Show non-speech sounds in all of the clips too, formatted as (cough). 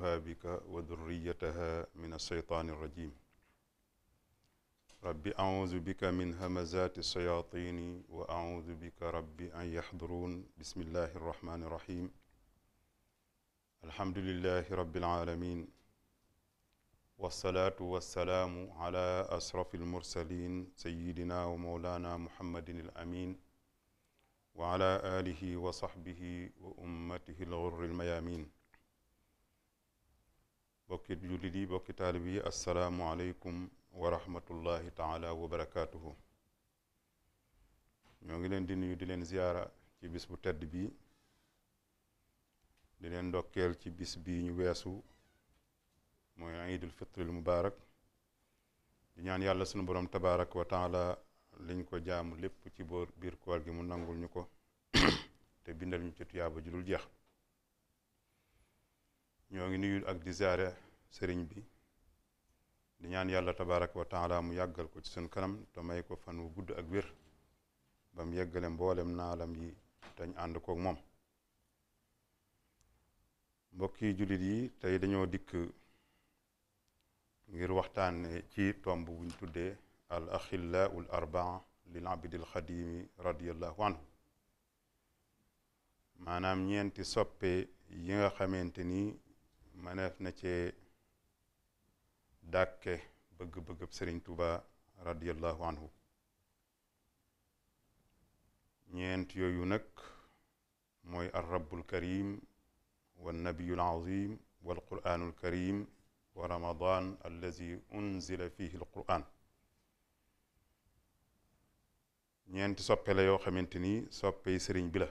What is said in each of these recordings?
asxaabika wa durriyataha min alsheytaani irrajim rabbi audu bika min hamazaati alshayatini wa audu bika rabbi an yaxduruun bismillahi irrahmani irrahim alhamdulilahi rabiilalamin walsalaatu walsalaamu ala ashraf almursalin sayidina wa moolana muhammadin alamin wa ala alihi wa saxbihi wa ummatihi alxurri almayamin bokki jullit yi bokki taalib yi asalaamualeykum wa rahmatullahi taala wa barakaatuhu ñoo ngi leen di nuyu di leen ziyaara ci bis bu tedd bi di leen ndokkeel ci bis bi ñu weesu mooy iidul fitril mubaarak di ñaan yàlla sunu borom tabaaraka wa taala liñ ko jaamu lépp ci boor biir koor gi mu nangul ñu ko (coughs) te bindal ñu ci tuyaaba ju dul jeex ñoo ngi nuyul ak di sëriñ bi di ñaan yàlla tabaaraka wa mu yàggal ko ci suñ kanam te ko fan wu gudd ak wér ba mu yeggale mboolem naalam yi dañ ànd koog moom mbokki jullit yi tey dañoo dikk ngir waxtaane ci tomb buñ tuddee al axillaul arbaa lil abdil xadimi radiallahu anhu maanaam ñeenti soppe yi nga xamante ni mëneef na cee dàkke bëgg-bëggab sëriñ tuuba radiallahu anhu ñeent yooyu nag mooy ar rabbul karim wa nabiyul azim wal quraanul karim wa ramadan allazi unzila fihi al quran soppe la yoo xamante ni soppe sëriñ bi la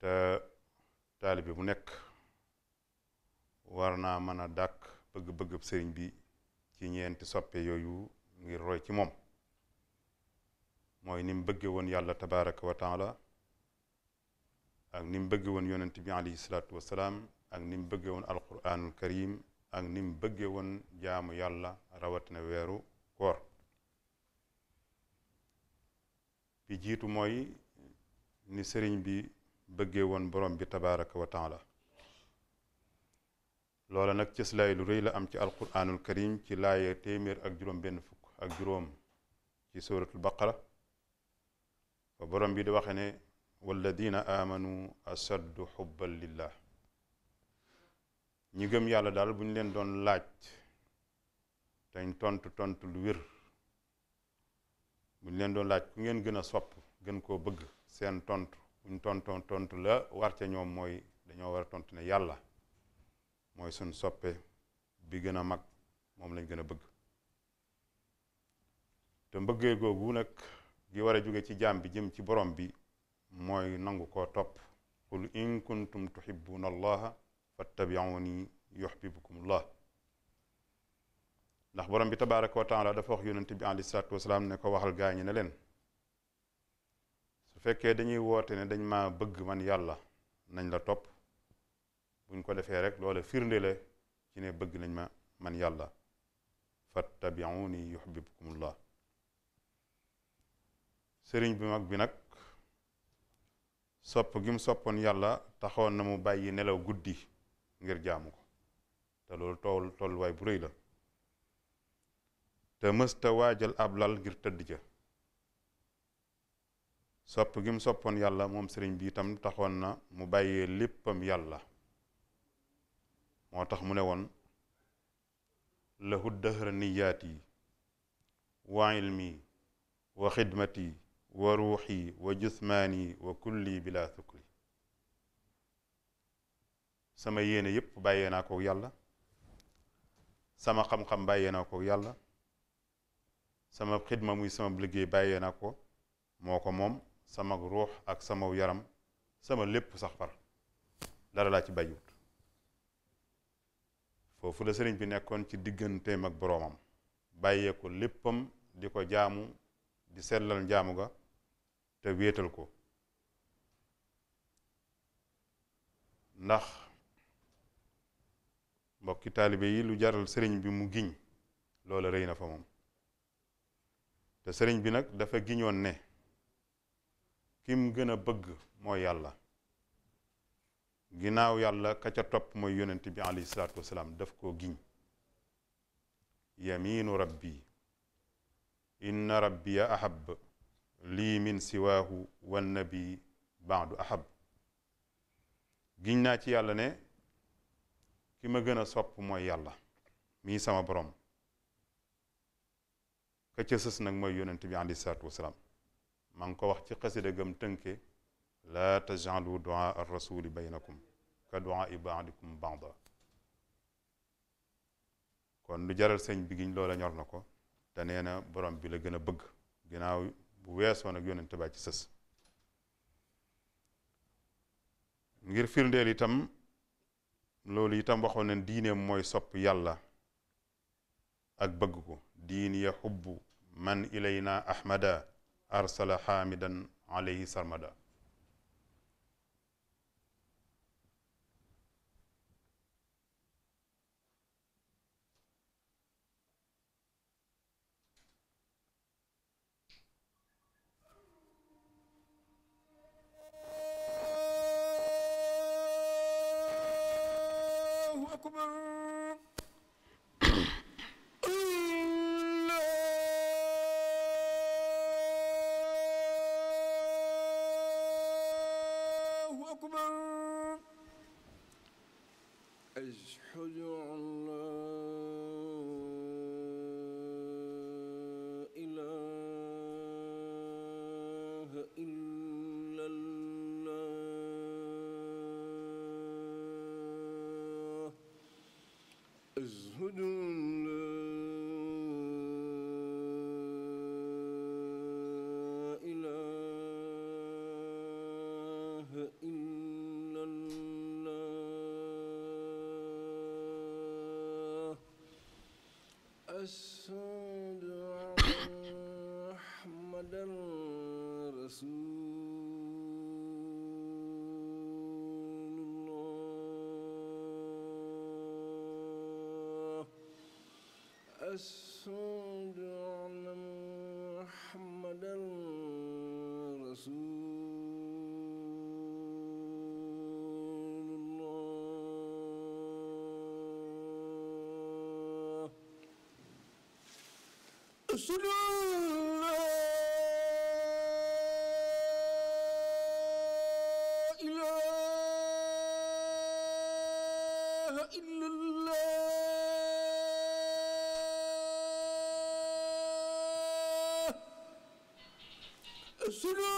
te taalibe bu nekk war naa mën a dàkk bëgg-bëggab sëriñ bi ci ñeenti soppe yooyu ngir roy ci moom mooy ni mu bëgge woon yàlla tabaraka wa taala ak ni mu bëgge woon yonent bi alayhi salaatu wassalaam ak ni mu bëgge woon alquranul karim ak ni mu bëgge woon jaamu yàlla rawatina weeru koor bi jiitu mooy ni sëriñ bi bëggee woon borom bi tabaraka wa taala loola nag cëslaay lu rëy la am ci alquranul karim ci laaya téeméer ak juróom benn fukk ak juróom ci suratul baqara ba borom bi di waxe ne walladina amanu asaddu xubban lillah ñi gëm yàlla daal bu ñu leen doon laaj dañ tontu tontu lu wér bu ñu leen doon laaj ku ngeen gën a sopp gën koo bëgg seen tontu buñ tontoon tontu la war ca ñoom mooy dañoo war a tontu ne yàlla mooy suñ soppe bi gën a mag moom lañ gën a bëgg te mbëggee googu nag gi war a jóge ci jaam bi jëm ci borom bi mooy nangu koo topp qul in kuntum tuhibbuna allaha fattabiuni yuhibbukum allah ndax borom bi tabaraka wa taala dafa wax yonente bi alayhi salaatu wasalaam ne ko waxal gaa ñi ne leen fekkee dañuy woote ne dañ ma bëgg man yàlla nañ la topp buñ ko defee rek loole firnde la ci ne bëgg nañ ma man yàlla fattabiuni yuhibbukumullah sëriñ bi mag bi nag sopp gi mu soppoon yàlla taxoon na mu bàyyi nelaw guddi ngir jaamu ko te loolu tolluwaay bu rëy la te mësta waajal ab lal ngir tëdd ca sopp gi mu soppoon yàlla moom sëriñ bi tam taxoon na mu bàyyee léppam yàlla moo tax mu ne woon lahu dahra niyaati wa ilmi wa xidmati wa ruuxi wa jusmaani wa kulli bila sukli sama yéene yépp bàyyee naa ko yàlla sama xam-xam bàyyee naa ko yàlla sama xidma muy sama liggéey bàyyee naa ko moo ko moom sama ruux ak sama yaram sama lépp sax far dara laa ci bàyyiwut foofu la sëriñ bi nekkoon ci digganteem ak boroomam bàyyee ko léppam di ko jaamu di sellal njaamu ga te wéetal ko ndax mbokki taalibe yi lu jaral sëriñ bi mu giñ loolu rëy na fa moom te sëriñ bi nag dafa giñoon ne ki mu gën a bëgg mooy yàlla ginnaaw yàlla ka ca topp mooy yonent bi alayhi salaatu wasalaam daf koo giñ yamiinu rabbi inna rabbiya ahab lii min siwaahu wannabi baadu ahab gin naa ci yàlla ne ki ma gën a sopp mooy yàlla mii sama borom ka ca sës mooy yonent bi alayhi salaatu wasalaam ma ngi ko wax ci xasida gëm tënke laa tajalu duaa ar rasuli baynakum ka duaa i baadikum baada kon lu jaral sëñ bi giñ loola ñor na ko te nee na borom bi la gën a bëgg ginnaaw bu weesoon ak yonente ba ci sës ngir firndeel itam loolu itam waxoon nañ diineem mooy sop yàlla ak bëgg ko diin ya xubbu man ilayna ahmada arsala xaamidan alayhi sarmada السود أعلم محمدا رسول الله أشهد أن لا إله إلا rasulullah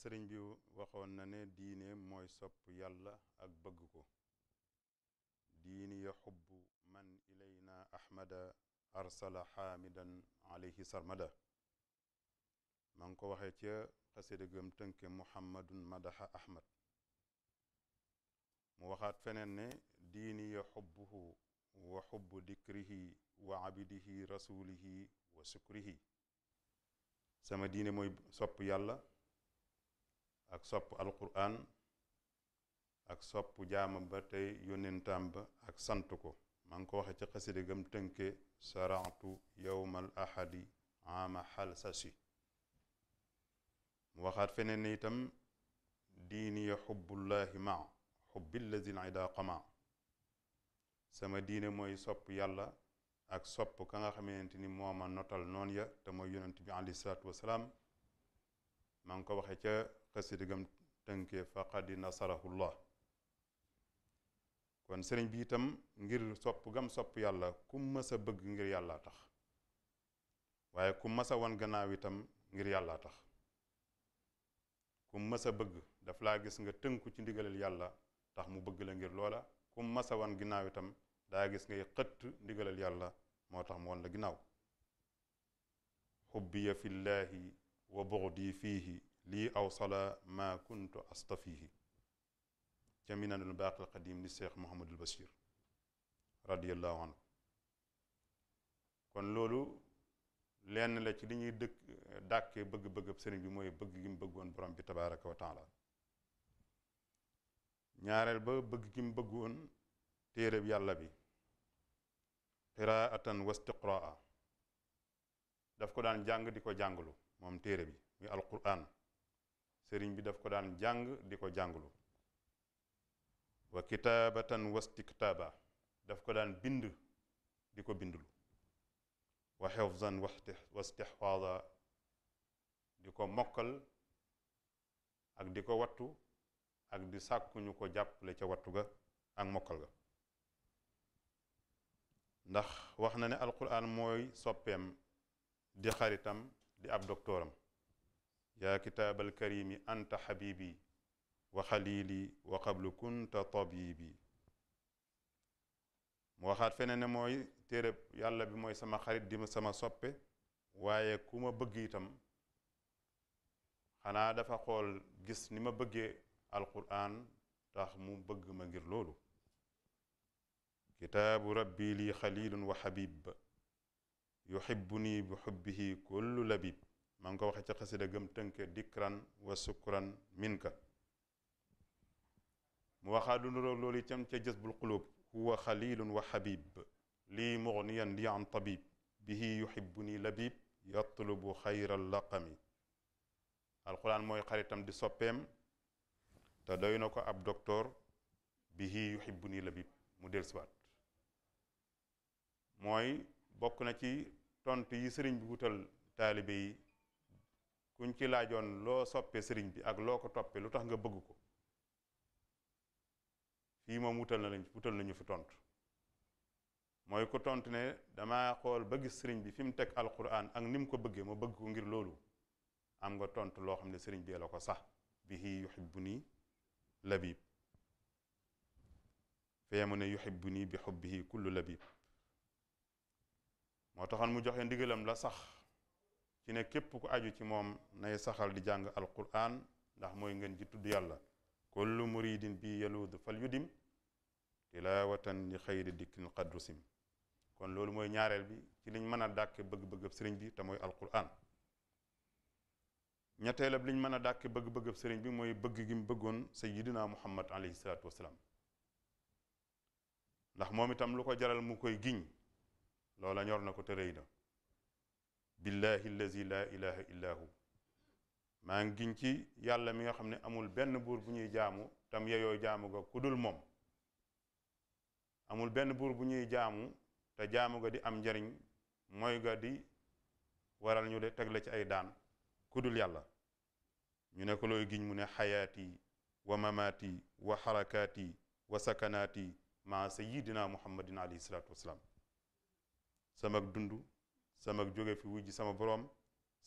sëriñ bi waxoon na ne diine mooy sopp yàlla ak bëgg ko diini ya xubbu man ilayna ahmada arsala xaamidan alayhi sarmada ma ngi ko waxee ca xasida gëm tënke muhammadun madaxa ahmad mu waxaat feneen ne diini ya xubbuhu wa xubbu dikrihi wa abidihi rasulihi wa sukrihi sama diine mooy sopp yàlla ak sopp alquran ak sopp jaamam ba tey yónnentam ba ak sant ko maa ngi ko waxe ca xasida gam tënke saratu yowmal ahadi ama xal sasi mu waxaat feneen itam diini ya xubbullaahi ma xubbillazina idaqa ma sama diine mooy sopp yàlla ak sopp ka nga xamante ni moo ma notal noon ya te mooy yonent bi aleyhi salaatu wasalaam maa ngi ko waxe ca xasidigam tënkee faqadi nasarahullah kon sëriñ bi itam ngir sopp gam sopp yàlla ku mës a bëgg ngir yàlla tax waaye ku mës a wan gannaaw itam ngir yàlla tax ku mës bëgg daf laa gis nga tënku ci ndigalal yàlla tax mu bëgg la ngir loola ku mës a wan ginnaaw itam daa gis ngay xëtt ndigalal yàlla moo tax mu wan la ginnaaw xubbiya fillaahi wa buxdi fiihi lii awsala ma kuntu astafihi ca minanul baaqil qadim li seex Muhammadul Bashir radiallahu anhu kon loolu lenn la ci li ñuy dëkk dàkkee bëgg-bëggab sëriñ bi mooy bëgg gi mu bëggoon borom bi tabaraka wa taala ñaareel ba bëgg gi mu bëggoon téereb yàlla bi qiraatan wa istiqraa daf ko daan jàng di ko jàngalu moom téere bi muy alquran sëriñ bi daf ko daan jàng di ko jànglu wa kitaabatan wastiktaaba daf ko daan bind di ko bindlu wa xifzan wastixfaada di ko mokkal ak di ko wattu ak di sàkku ko jàppale ca wattu ga ak mokkal ga ndax wax na ne alquran mooy soppeem di xaritam di ab doktooram yaa kitaabal karimi anta xabibi wa xalili wa qablu kunta tabibi mu waxaat feneen ne mooy téereb yàlla bi mooy sama xarit di ma sama soppe waaye ku ma bëgg itam xanaa dafa xool gis ni ma bëggee alquran tax mu bëgg ma ngir loolu kitaabu rabbi lii xalilun wa xabib yuxibu nii bi xubbihi kullu labib maa ngi ko waxee ca xasida gëm tënke dikran wa sukran minka mu waxaa lu nuroog loolu itam ca jësbul xulub huwa xalilun wa xabib lii muxniyan li an tabib bihi yuxibu ni labib yatlubu xayral laqami alquran mooy xaritam di soppeem te doy na ko ab docteur bihi yuxibu ni labib mu dellusiwaat mooy bokk na ci tont yi sëriñ bi wutal taalibe yi kuñ ci laajoon loo soppee sëriñ bi ak loo ko toppee lu tax nga bëgg ko fii moom wutal na lañ wutal nañu fi tontu mooy ku tontu ne dama xool ba gis sëriñ bi fi mu teg alquran ak ni mu ko bëggee ma bëgg ko ngir loolu am nga tontu loo xam ne sëriñ bi la ko sax bihi yuhibbuni labib fee mu ne yuhibbuni bi hubbihi kullu labib moo taxoon mu joxe ndigalam la sax ci ne képp ku aju ci moom nay saxal di jàng alquran ndax mooy ngeen ji tudd yàlla kullu muridin bi yaluudu fal la tilawatan li xayri dikkin qadrusim kon loolu mooy ñaareel bi ci liñ mën a dàkk bëgg-bëggab sëriñ bi te mooy alquran ñetteelab liñ mën a dàkke bëgg-bëggab sëriñ bi mooy bëgg gi mu bëggoon sayyidina muhammad alayhi salaatu wasalaam ndax moom itam lu ko jaral mu koy giñ loola ñor na ko te na billahi allazi laa hu maa ngi giñ ci yàlla mi nga xam ne amul benn buur bu ñuy jaamu tam yeyoo jaamu ga ku dul moom amul benn buur bu ñuy jaamu te jaamu ga di am njariñ mooy ga di waral ñu de teg la ci ay daan ku dul yàlla ñu ne ko looy giñ mu ne xayaati wa mamaati wa xarakaati wa sakanaati maa sayidina muhammadin alayhi salaatu wasalaam sama dund sama jóge fi wujj sama boroom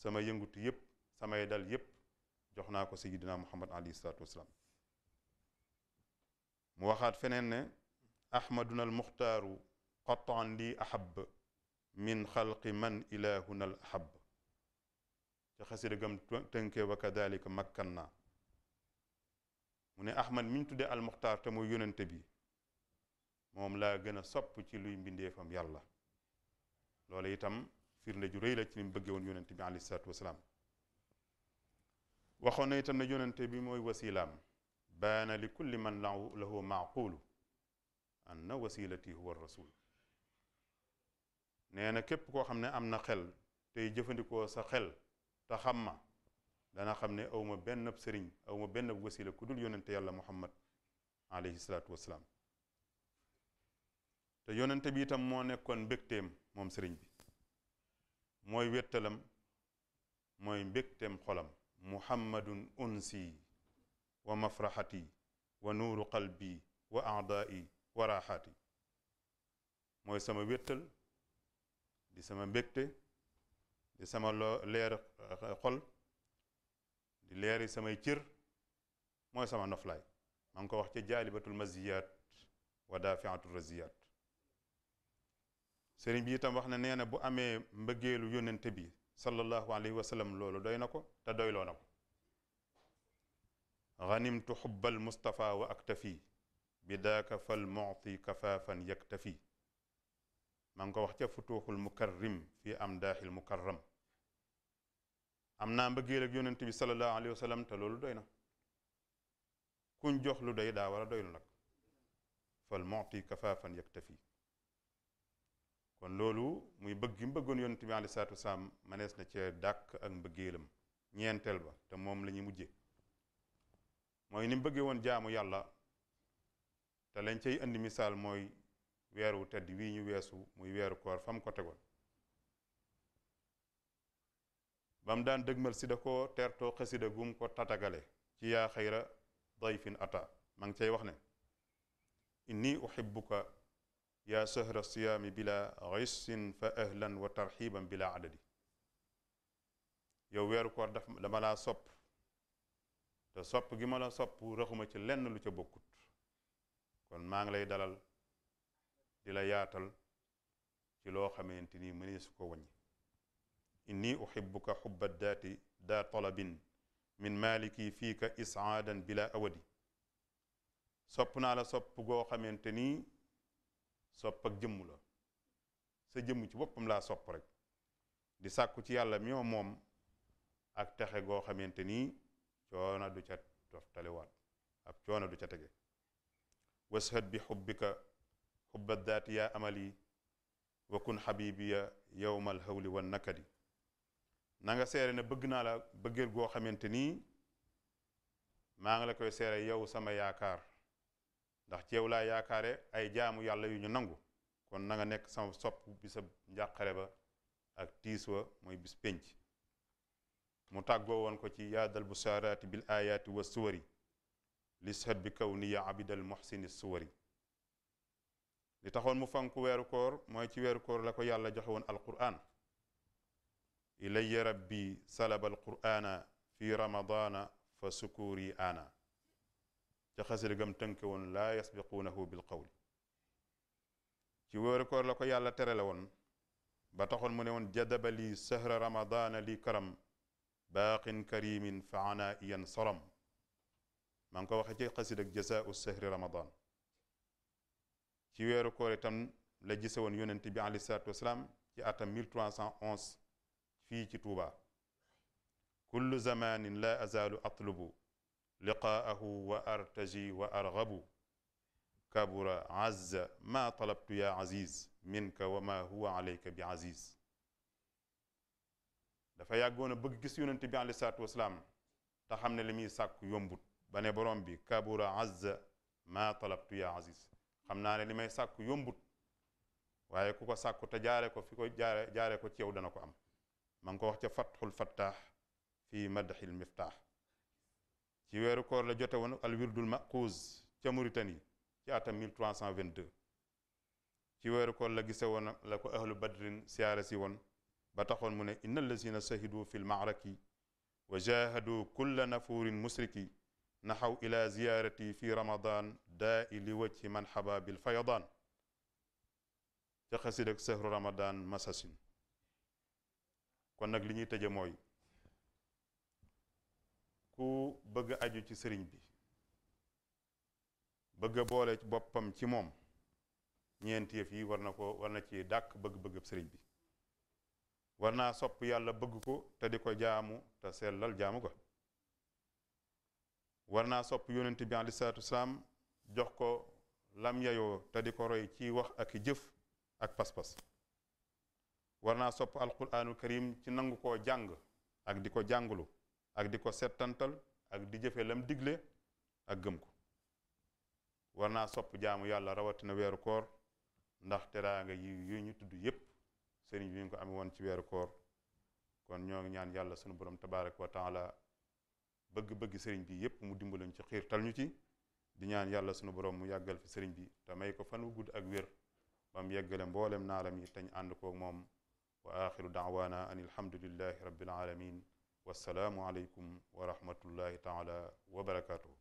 sama yëngutu yépp samay dal yépp jox naa ko sayyidina muhammad alayhi salaatu wasalaam mu waxaat feneen ne ahmaduna al muxtaaru qatan lii ahab min xalqi man ilahuna al ahab ca xasida gam tënkee wa makkan naa mu ne ahmad miñ tuddee al muxtaar te mooy yónente bi moom laa gën a sopp ci luy mbindeefam yàlla loolu itam firnde ju rëy la ci ni mu bëggee woon yonent bi alayhi salaatu wasalaam waxoon na itam ne yonente bi mooy wasilaam baana li kulli man lahu maaqulu anna wasilati huwa rasul nee na képp koo xam ne am na xel tey jëfandikoo sa xel te xam ma dana xam ne awma benn sëriñ awma benn wasila ku dul yonente yàlla muhammad alayhi salaatu wasalaam te yonente bi itam moo nekkoon mbégteem moom sëriñ bi mooy wéttalam mooy mbégteem xolam muhammadun unsi wa mafraxati wa nuuru qalbi wa aadaai wa raaxaati mooy sama wéttal di sama mbégte di sama loo leer eh, xol di leeri samay cër mooy sama noflaay maa ngi ko wax ca jaalibatul maziyaat wa daafiatul raziyaat sëriñ bi itam wax na nee na bu amee mbëggeelu yónnente bi sallallahu alayhi wa sallam loolu doy na ko te doyloo na ko ganimtu xubbal mustafa wa aktafi bi daaka fal yaktafi maa ngi ko wax ca futuuxul mukarrim fii am daaxil mukarram am naa mbëggeel ak yónnente bi sallallahu alayhi wa sallam te loolu doy na kuñ jox lu doy daa war nag fal muti kafaafan yaktafi kon loolu muy bëgg mu bëggoon yoon bi aleyhi salaatu wasalaam manees na cee dàkk ak mbëggeelam ñeenteel ba te moom la ñuy mujje mooy ni mu bëggee woon jaamu yàlla te lañ cay indi misaal mooy weeru tedd wii ñu weesu muy weeru koor fam ko tegoon ba daan dëgmal si da ko teertoo xasida gum ko tatagale ci yaa xayra dayfin ata ma ngi cay wax ne inni uhibbuka yaa sahra siyaami bila xissin fa ahlan wa tarxiban bila adadi yow weeru koor daf dama laa sopp te sopp gi ma sopp raxuma ci lenn lu ca bokkut kon maa ngi lay dalal di la yaatal ci loo xamante ni mënee su ko wàññi inni uxibuka xubba daati daa talabin min maliki fiika isaadan bila awadi sopp naa la sopp goo xamante ni sopp ak jëmm la sa jëmm ci boppam laa sopp rek di sàkku ci yàlla mi moom ak texe goo xamante ni coono du ca toftalewaat ab coono du ca tege washad bi xubbika xubba daati yaa amali wa kun xabibiya yowmal hawli wan nakadi na nga seere ne bëgg naa la bëggeel goo xamante ni maa ngi la koy seere yow sama yaakaar ndax ci yow laa yaakaare ay jaamu yàlla yu ñu nangu kon nanga nekk sama sopp bisa njàqare ba ak tiis wa mooy bis pénc mu tàggoo woon ko ci yaadal busaaraati bil ayaati wa suwari lishat bi kaw ni ya abidal muhsini suwari li taxoon mu fanku weeru koor mooy ci weeru koor la ko yàlla joxe woon alquran ilayya rabbi salaba alqurana fi ramadana fa sukuuri ana ca xasida gam tënke woon laa yasbiquunahu bil qawli ci wóoru koor la ko yàlla tere la woon ba taxoon mu ne woon jadaba lii sahra ramadaana li karam baaqin karimin fa ana iyan saram maa ngi ko waxe ci xasida ak jazaau sahri ci weeru koor itam la gise woon yonent bi alei salatu wasalaam ci atam 1311 fii ci Tuuba kullu zamanin la azalu atlubu liqaahu wa artaji wa argabu kabura azza ma talabtu ya aziz minka wa ma huwa alayka bi aziz dafa yàggoon a bëgg gis yonent bi alei salaatu wasalaam te xam ne li muy sàkku yombut ba ne borom bi kabura azza ma talabtu ya aziz xam naa ne li may sàkku yombut waaye ku ko sàkku te jaare ko fi ko jaare jaare ko ci yow dana ko am ma ngi ko wax ca fatxul fattaax fii madxil ci weeru koor la jote woon al wirdul maquz ca Mauritanie ci atam 1322 ci weeru koor la gise woon la ko ahlu badrin siyaare si woon ba taxoon mu ne inna allazina sahidu fi lmaaraki naxaw ila ziyarati fi ramadan daa i li wajhi man xaba bil fayadaan ca xasid ak sahru ramadan kon nag li ñuy tëje mooy ku bëgg aju ci sëriñ bi bëgg a boole boppam ci moom ñeenti yëf yi war na ko war na ci dàkk bëgg-bëggab sëriñ bi war naa sopp yàlla bëgg ko te di ko jaamu te lal jaamu ko war naa sopp yonent bi aleyhi salaatu jox ko lam yayoo te di ko roy ci wax ak jëf ak pas-pas war naa sopp alquraanul karim ci nangu ko jàng ak di ko jàngulu ak di ko settantal ak di jëfe lam digle ak gëm ko war naa sopp jaamu yàlla rawatina weeru koor ndax teraanga yi yu ñu tudd yépp sëriñ bi ñu ko amee woon ci weeru koor kon ñoo ngi ñaan yàlla sunu borom tabaaraka wa taala bëgg-bëgg sëriñ bi yépp mu dimbalañ ci xiirtal ñu ci di ñaan yàlla sunu borom mu yàggal fi sëriñ bi te may ko fan wu gudd ak wér ba mu yeggale mboolem naalam yi tañ ànd koog moom wa axiru daawaana an ilhamdulillahi rabbil alamin wassalaamu aleykum wa rahmatullahi taala wa barakaatuhu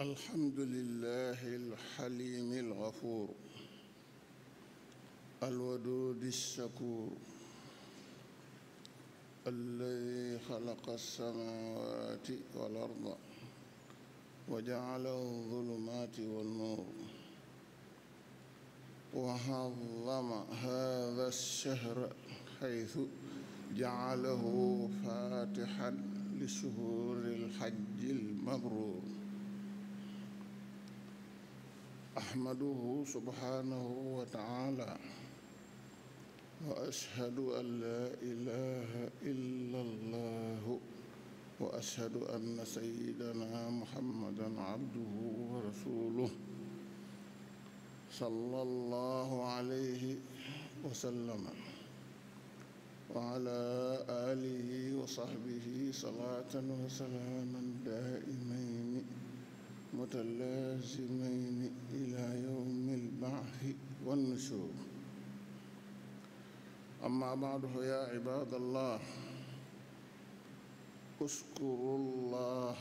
الحمد لله الحليم الغفور الودود الشكور الذي خلق السماوات والأرض وجعل الظلمات والنور وعظم هذا الشهر حيث جعله فاتحا لشهور الحج المبرور أحمده سبحانه وتعالى وأشهد أن لا إله إلا الله وأشهد أن سيدنا محمدا عبده ورسوله صلى الله عليه وسلم وعلى آله وصحبه صلاة وسلاما دائمين رحمة اللازمين إلى يوم البعث والنشور أما بعده يا عباد الله اشكروا الله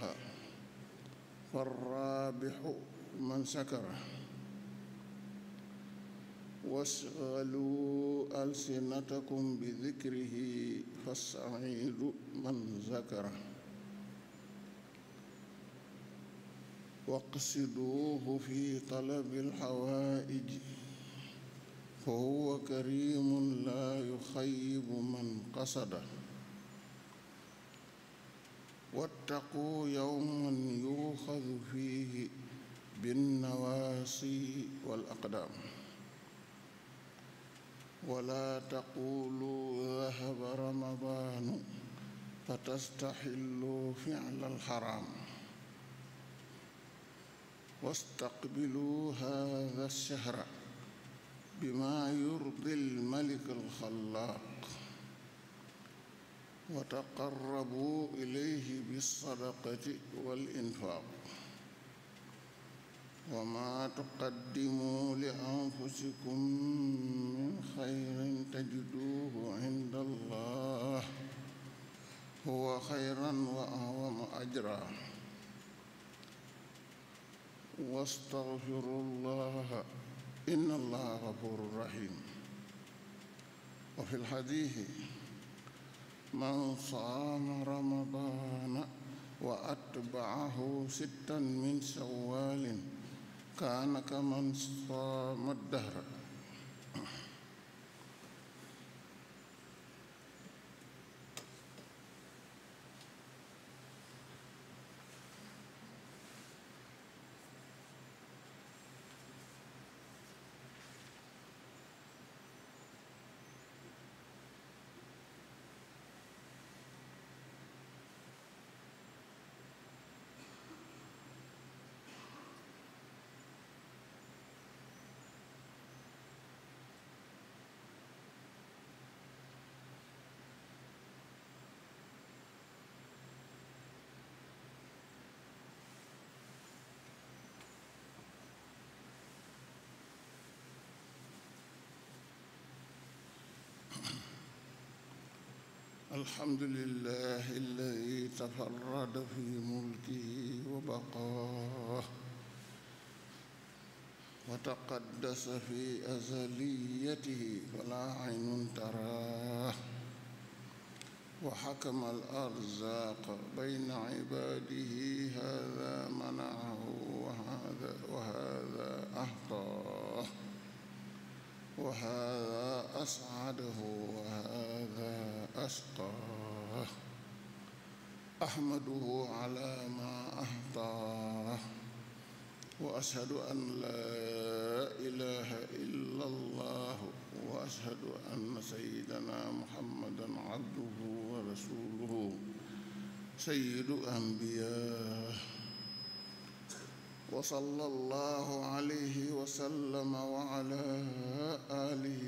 فالرابح من شكره واشغلوا ألسنتكم بذكره فالسعيد من ذكره waqsiduuhu fi talabil xawaa'ij fa huwa kariimun laa yuxayyibu man qasada wattaquu yawman yuuxadu fiihi binnawaasi wal aqdaam wala taqulu dahaba ramadaanu fa tastaxillu ficlal xaraam واستقبلوا هذا الشهر بما يرضي الملك الخلاق وتقربوا إليه بالصدقة والإنفاق وما تقدموا لأنفسكم من خير تجدوه عند الله هو خيرا وأعظم أجرا واستغفروا الله إن الله غفور رحيم وفي الحديث من صام رمضان وأتبعه ستا من شوال كان كمن صام الدهر الحمد لله الذي تفرد في ملكه وبقاه وتقدس في أزليته فلا عين تراه وحكم الأرزاق بين عباده هذا منعه وهذا وهذا أعطاه وهذا أسعده أشقاه أحمده على ما أهداه وأشهد أن لا إله إلا الله وأشهد أن سيدنا محمدا عبده ورسوله سيد أنبياء وصلى الله عليه وسلم وعلى آله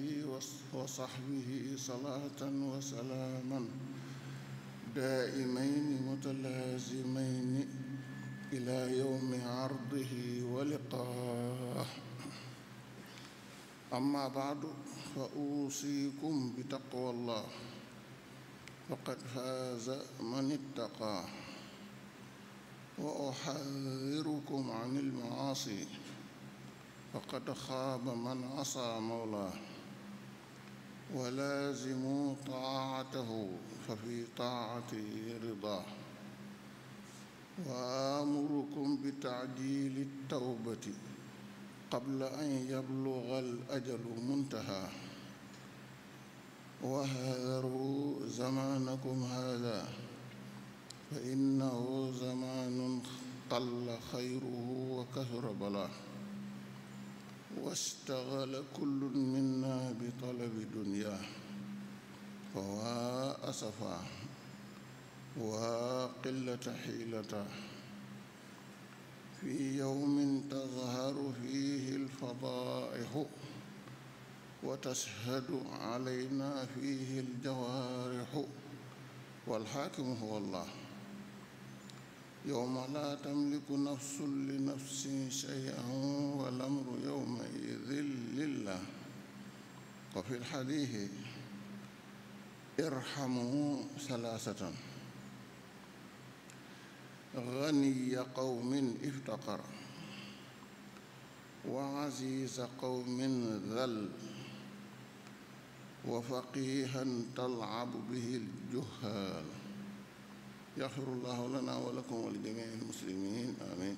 وصحبه صلاة وسلاما دائمين متلازمين إلى يوم عرضه ولقاه أما بعد فأوصيكم بتقوى الله فقد فاز من اتقى وأحذركم عن المعاصي فقد خاب من عصى مولاه ولازموا طاعته ففي طاعته رضاه وآمركم بتعجيل التوبة قبل أن يبلغ الأجل منتهى واحذروا زمانكم هذا فإنه زمان قل خيره وكثر بلاه واستغل كل منا بطلب دنياه فوا أسفا وقلة حيلته في يوم تظهر فيه الفضائح وتشهد علينا فيه الجوارح والحاكم هو الله يوم لا تملك نفس لنفس شيئا والأمر يومئذ لله وفي الحديث ارحموا ثلاثة غني قوم افتقر وعزيز قوم ذل وفقيها تلعب به الجهال yaxfirullahu lana wa lakum wa li jamiil muslimiin amiin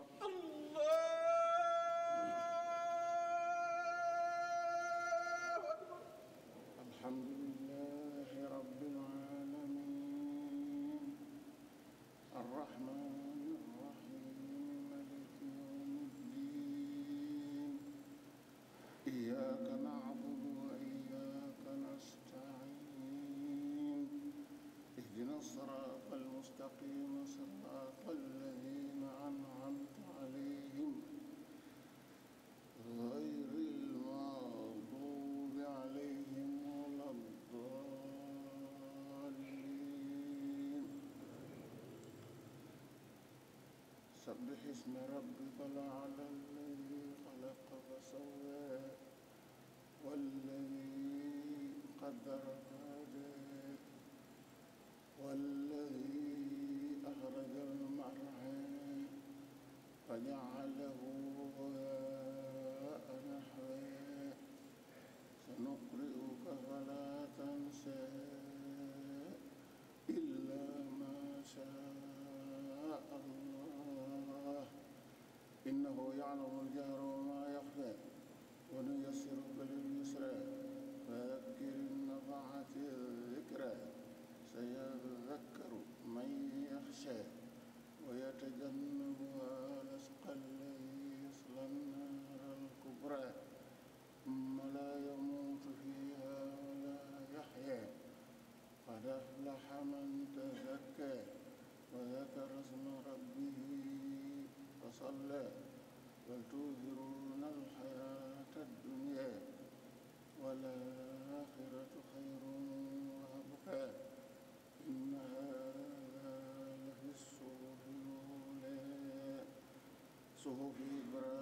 akbar سبح اسم ربك الأعلى الذي خلق فسوى والذي قدر يعلم الجهر وما يخفى ونيسرك لليسرى فذكر النفعة الذكرى سيذكر من يخشى ويتجنبها الأشقى الذي يصلى النار الكبرى ثم لا يموت فيها ولا يحيا قد أفلح من تزكى وذكر اسم ربه فصلى بل تؤثرون الحياة الدنيا والآخرة خير وأبقى إن هذا لفي الصحف الأولى صحف إبراهيم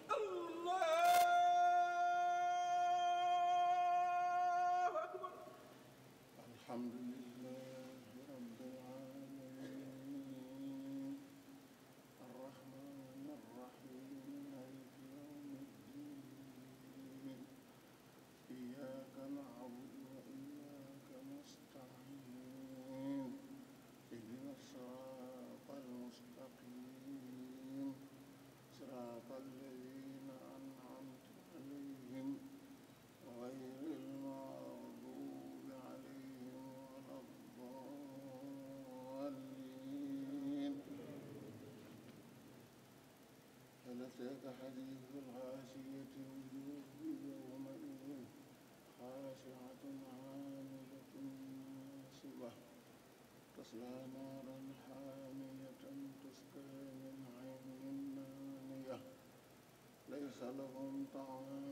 أتاك حديث الغاشية وجوه يومئذ خاشعة عاملة ناصبة تصلى نارا حامية تسقى من عين آنية ليس لهم طعام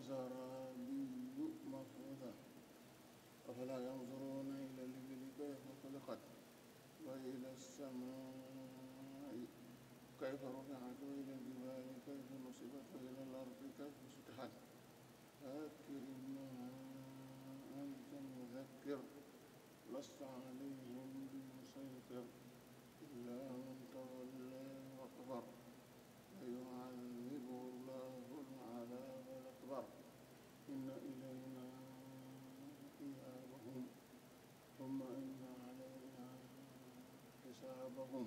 وزرابي مبثوثة أفلا ينظرون إلى الإبل كيف خلقت وإلى السماء كيف رفعت وإلى الجبال كيف نصبت وإلى الأرض كيف سطحت فذكر ما أنت مذكر لست عليهم بمسيطر شابههم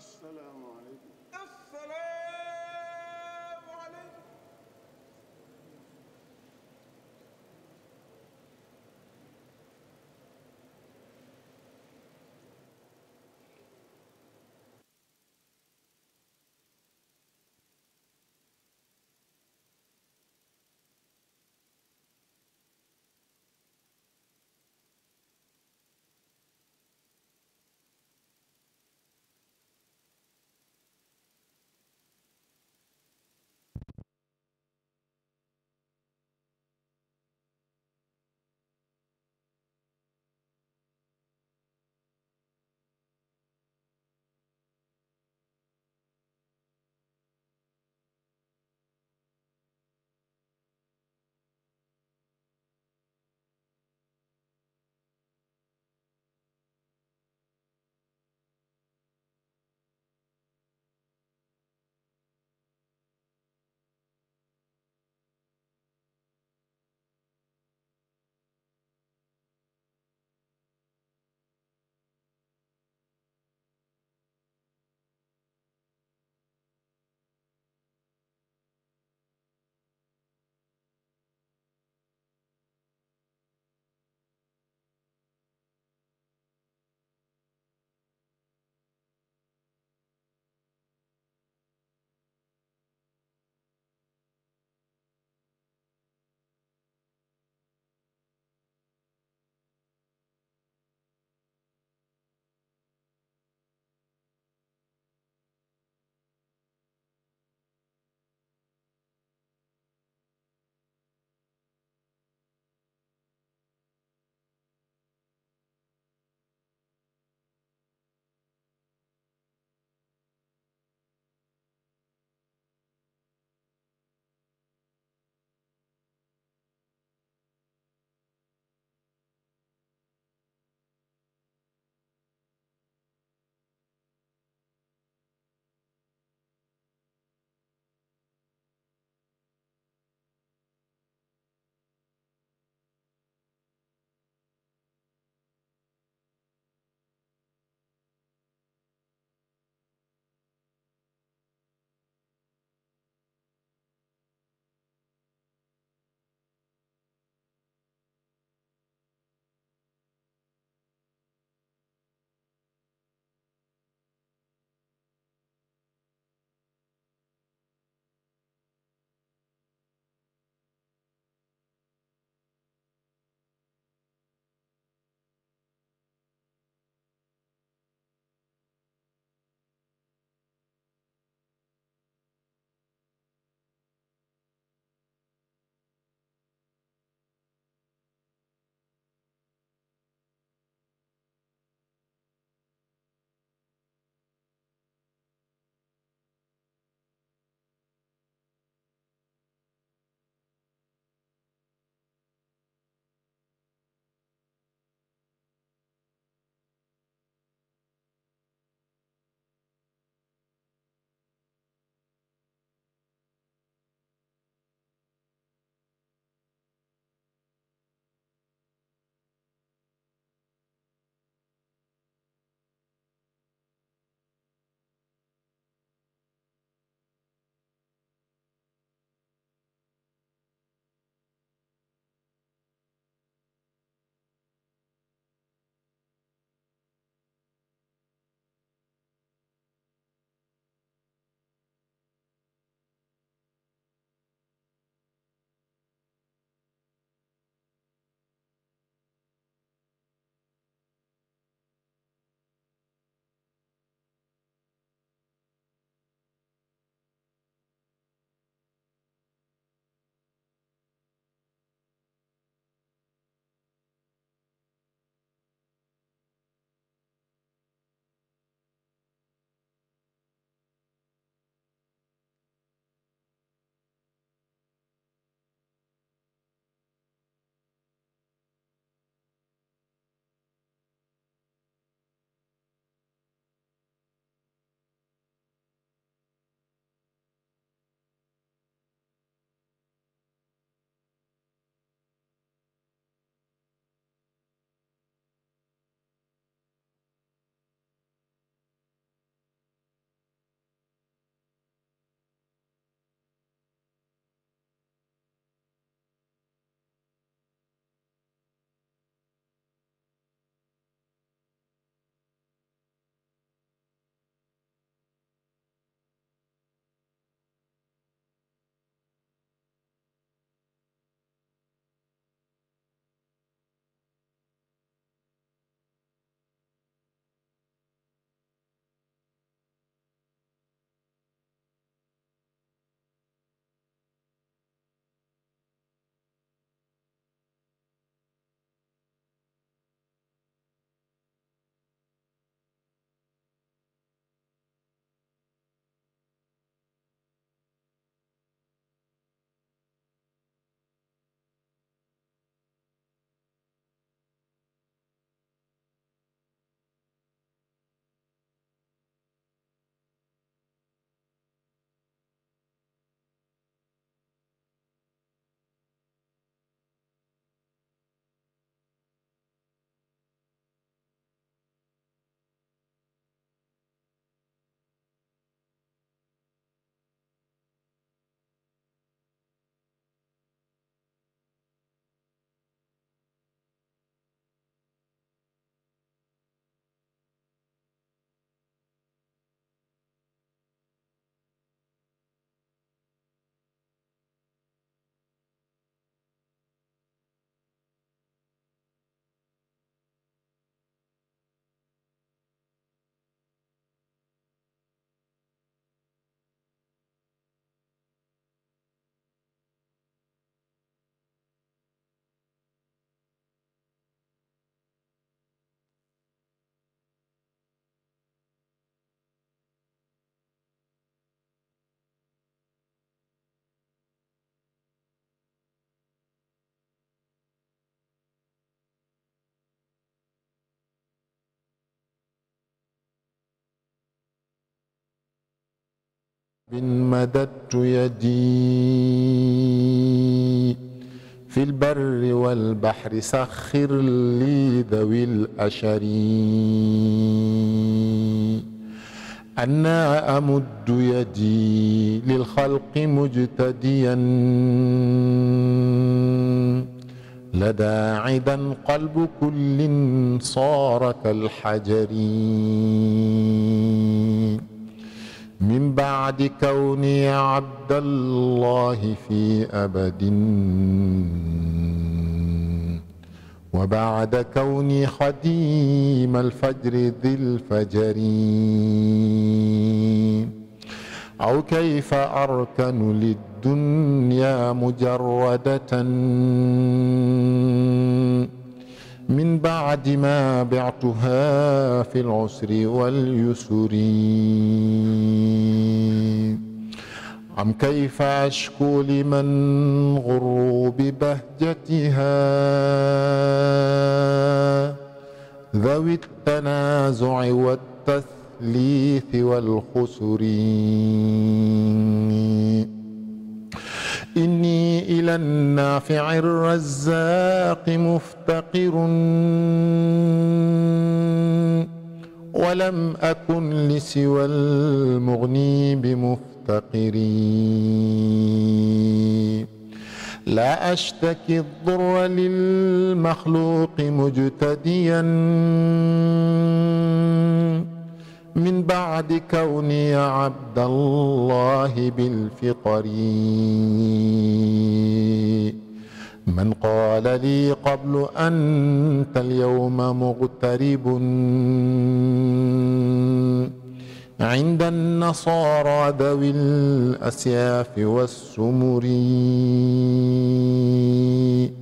assalaamu aleykum مددت يدي في البر والبحر سخر لي ذوي الأشر أنا أمد يدي للخلق مجتديا لدى عدا قلب كل صار كالحجر min baadi kawni abdallahi fi abadin wa baada kawni xadim alfajri dil fajari aw kayfa arkanu liddunya mujarradatan min baadi ma baatuha fi lusri walyusri am kayfa ashku liman ghurru bi bahjatiha ذوي التنازع والتثليث والخسر إلى النافع الرزاق مفتقر ولم أكن لسوى المغني بمفتقر لا أشتكي الضر للمخلوق مجتديا min baadi kawni abdallahi bilfiqari man qaala lii qablu anta alyawma muqtaribun inda nasaara dawi al asyaafi wassumuri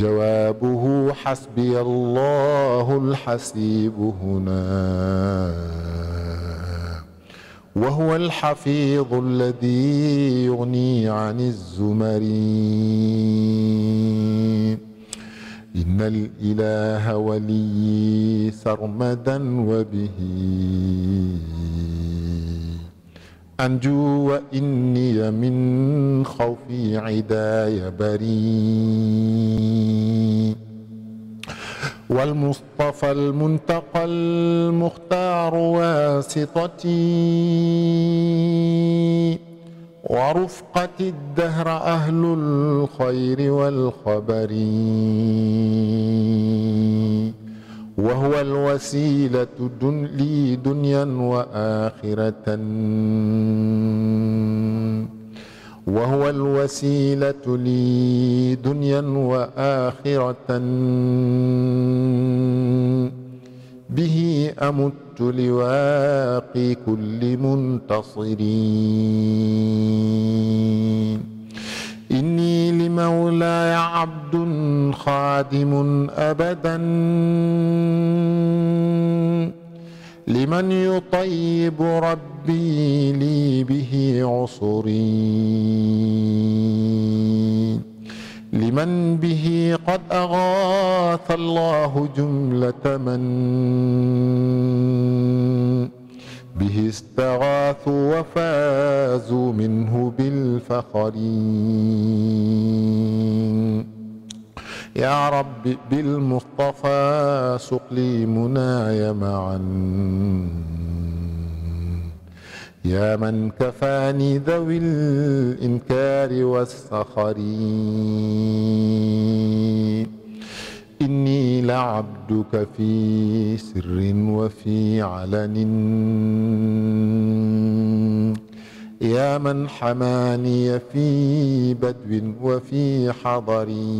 jawaabuhu xasbiya allahu alxasiibu huna wa huwa alxafiidu alladi yugni an zumari inna alilaha waliyi sarmadan wa bihi أنجو وإني من خوفي عداي بريء والمصطفى المنتقى المختار واسطتي ورفقة الدهر أهل الخير والخبر wa huwa alwasilatu dun lii dunyan wa axiratan wa huwa alwasilatu lii dunyan wa axiratan bihi amuttu liwaaqi kulli muntasirin مولاي عبد خادم أبدا لمن يطيب ربي لي به عصري لمن به قد أغاث الله جملة من به استغاثوا وفازوا منه بالفخر يا رب بالمصطفى سق لي مناي معا يا من كفاني ذوي الإنكار والسخر inni la abduka fi sirrin wa fi alanin yaa man xamaaniya fi badwin wa fi xadari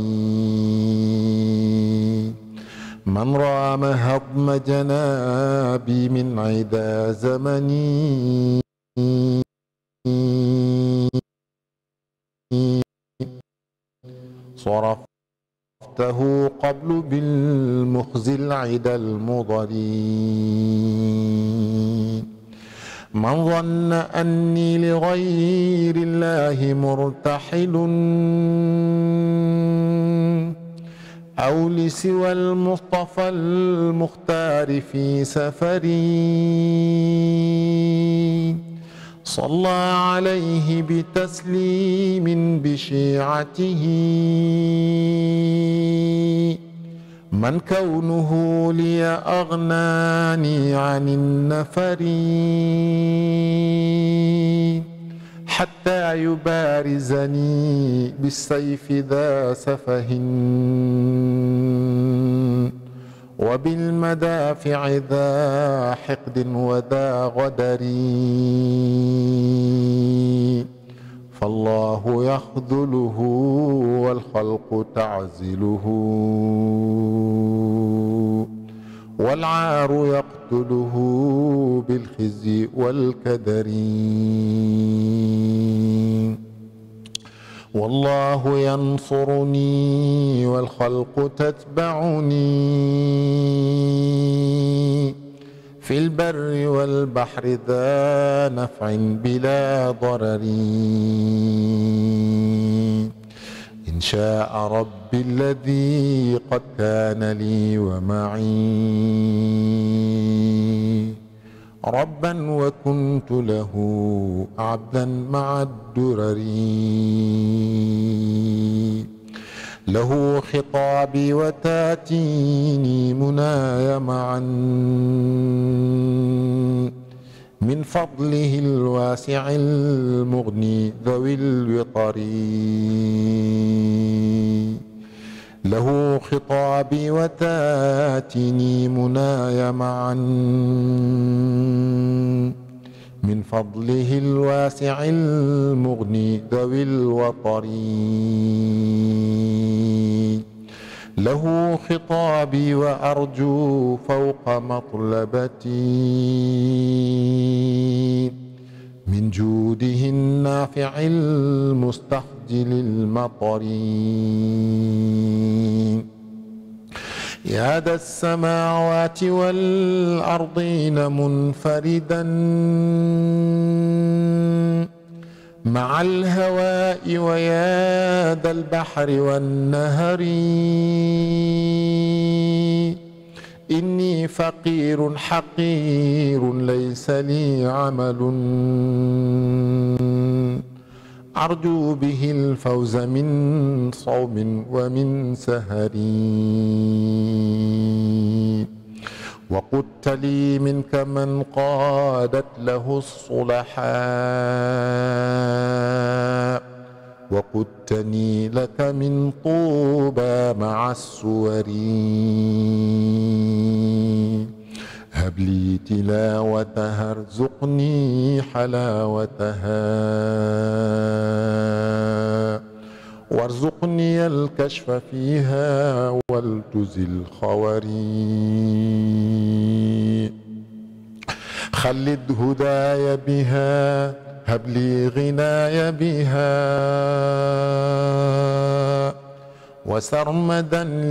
man raama hadma janaabi min ida zamani saraf وقته قبل بالمخزي العدا المضر من ظن أني لغير الله مرتحل أو لسوى المصطفى المختار في سفري صلى عليه بتسليم بشيعته من كونه لي أغناني عن النفر حتى يبارزني بالسيف ذا سفه وبالمدافع ذا حقد وذا غدر فالله يخذله والخلق تعزله والعار يقتله بالخزي والكدر wallahu yansuruni wal xalqu tatbauni fil barri wal bahri daa naf'in bilaa darari in shaa'a rabbi alladhi qad kaana lii wa ma'i rabban wa kuntu lahu abdan maa durari lahu xitaabi wa taatini munaaya maan min fadlihi alwaasici almugni dawi alwitari له خطابي وتاتني مناي معا من فضله الواسع المغني ذوي الوطر له خطابي وأرجو فوق مطلبتي من جوده النافع المستخجل المطر يا ذا السماوات والأرضين منفردا مع الهواء ويا ذا البحر والنهر inni faqiirun xaqiirun laysa lii amalun arju bihi lfawza min sawmin wa min sahari wa qutta lii minka man qaadat lahu sulahaa وقدتني لك من طوبى مع السور هب لي تلاوتها ارزقني حلاوتها وارزقني الكشف فيها والتزي الخوري خلد هداي بها هب لي غناي بها وسرمدا